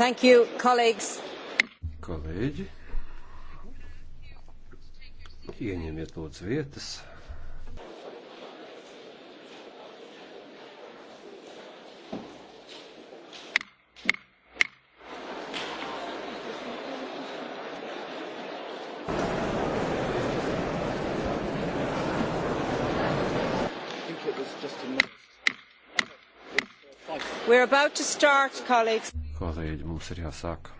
Thank you, colleagues. Kolēģi, ieņemiet lūdzu vietas. We're about to start, colleagues kolēģi, mums ir jāsāk.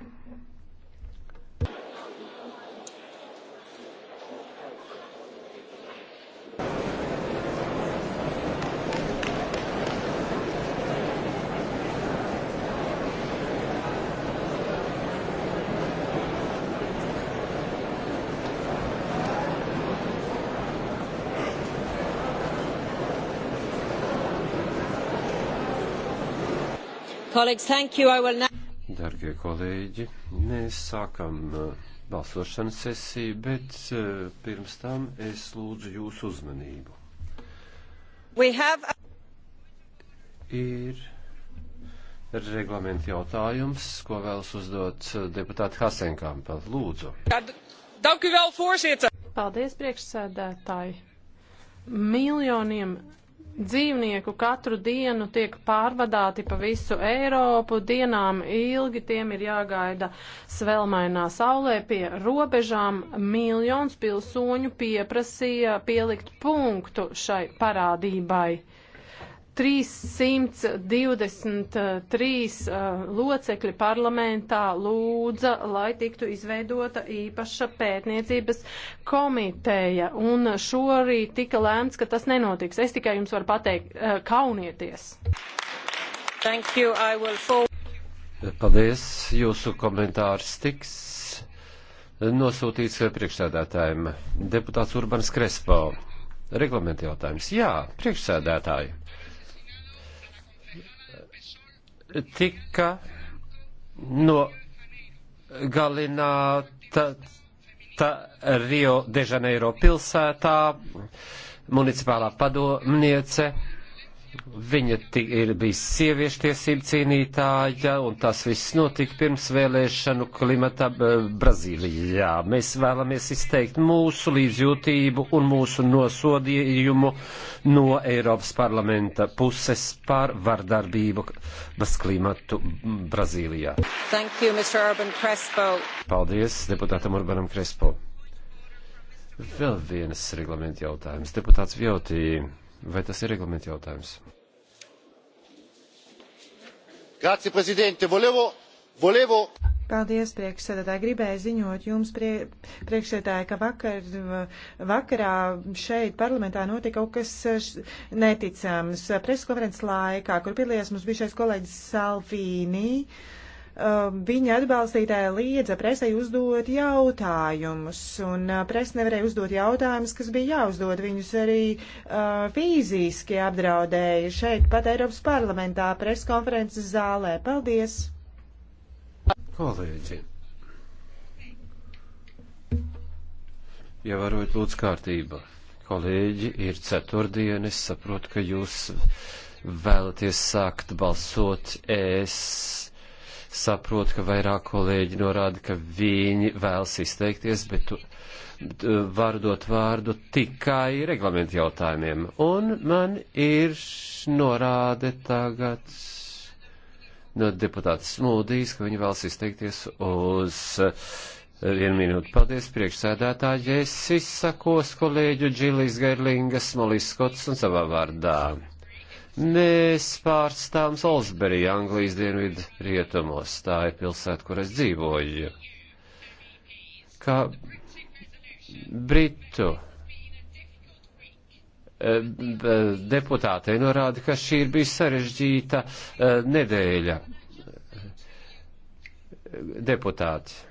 colleagues thank you. i will now kolēģi, mēs sākam uh, balsošanas sesiju, bet uh, pirms tam es lūdzu jūsu uzmanību. Have... Ir reglamenta jautājums, ko vēlas uzdot uh, deputāti Hasenkampa. Lūdzu. Paldies, priekšsēdētāji. Miljoniem dzīvnieku katru dienu tiek pārvadāti pa visu Eiropu, dienām ilgi tiem ir jāgaida svelmainā saulē pie robežām. Miljons pilsoņu pieprasīja pielikt punktu šai parādībai. 323 uh, eh, locekļi parlamentā lūdza, lai tiktu izveidota īpaša pētniecības komiteja, un šorīt tika lēmts, ka tas nenotiks. Es tikai jums varu pateikt, uh, kaunieties! Paldies! Jūsu komentārs tiks nosūtīts priekšsēdētājiem. Deputāts Urbans Krespo. Reglamenta jautājums. Jā, priekšsēdētāji tika nogalināta Rio de Janeiro pilsētā municipālā padomniece Viņa ir bijusi sieviešu tiesību cīnītāja, un tas viss notika pirms vēlēšanu klimata Brazīlijā. Mēs vēlamies izteikt mūsu līdzjūtību un mūsu nosodījumu no Eiropas parlamenta puses par vardarbību bez klimatu Brazīlijā. Thank you, Paldies deputātam Urbanam Krespo. Vēl viens reglamenta jautājums. Deputāts Vjotīja. Vai tas ir reglamenta jautājums? Grazie, prezidente. Volevo, volevo. Paldies, priekšsēdētāji. Gribēju ziņot jums, prie, priekšsēdētāji, ka vakar, vakarā šeit parlamentā notika kaut kas eh, neticams. Preskonferences laikā, kur piedalījās mums bijušais kolēģis Salvīni, uh, Um, viņa atbalstītāja liedza presai uzdot jautājumus, un uh, presa nevarēja uzdot jautājumus, kas bija jāuzdod. Viņus arī uh, fiziski apdraudēja šeit, pat Eiropas parlamentā, preskonferences zālē. Paldies! Kolēģi! Ievērojot ja lūdzu kārtību. Kolēģi, ir ceturtdiena, es saprotu, ka jūs vēlaties sākt balsot. Es saprotu, ka vairāk kolēģi norāda, ka viņi vēlas izteikties, bet tu, tu, varu dot vārdu tikai reglamentu jautājumiem. Un man ir norāde tagad no deputāta Smūdijas, ka viņi vēlas izteikties uz. Uh, Vienu minūti. Paldies, priekšsēdētāji. Es izsakos kolēģu Džilis Gerlingas, Molis Skots un savā vārdā. Mēs pārstāvam Salisbury, Anglijas dienvidu rietumos. Tā ir pilsēta, kur es dzīvoju. Kā Britu eh, deputātei norāda, ka šī ir bijusi sarežģīta eh, nedēļa. Deputāti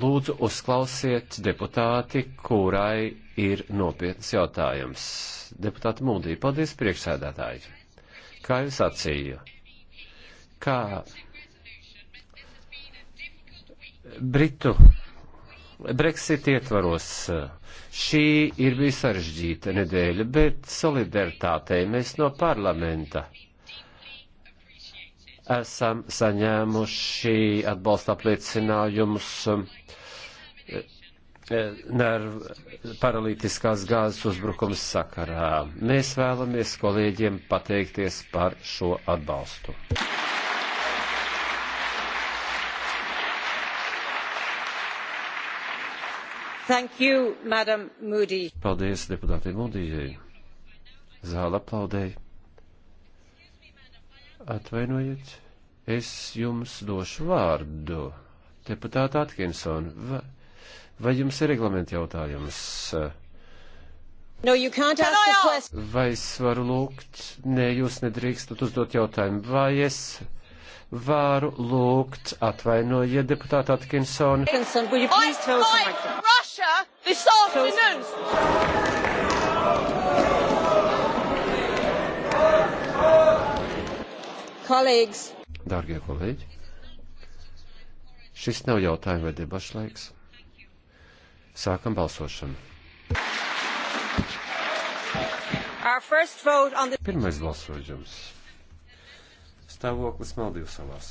Lūdzu, uzklausiet deputāti, kurai ir nopietns jautājums. Deputāti Mūdī, paldies priekšsēdētāji. Kā jūs sacīju? Kā Britu Brexit ietvaros šī ir bija sarežģīta nedēļa, bet solidaritātei mēs no parlamenta esam saņēmuši atbalsta apliecinājumus eh, nervu paralītiskās gāzes uzbrukums sakarā. Mēs vēlamies kolēģiem pateikties par šo atbalstu. Thank you, Madam Moody. Paldies deputātei Mūdījai. Zāla aplaudēja. Atvainojiet, es jums došu vārdu. Deputāta Atkinson, vai, vai jums ir reglamenta jautājums? No, vai es varu lūgt? Nē, jūs nedrīkstat uzdot jautājumu. Vai es varu lūgt atvainojiet deputātu Atkinsonu? Atkinson, Atkinson kolēģis. Dārgie kolēģi, šis nav jautājuma vai debašu laiks. Sākam balsošanu. The... Pirmais balsojums. Stāvoklis Maldīvas salās.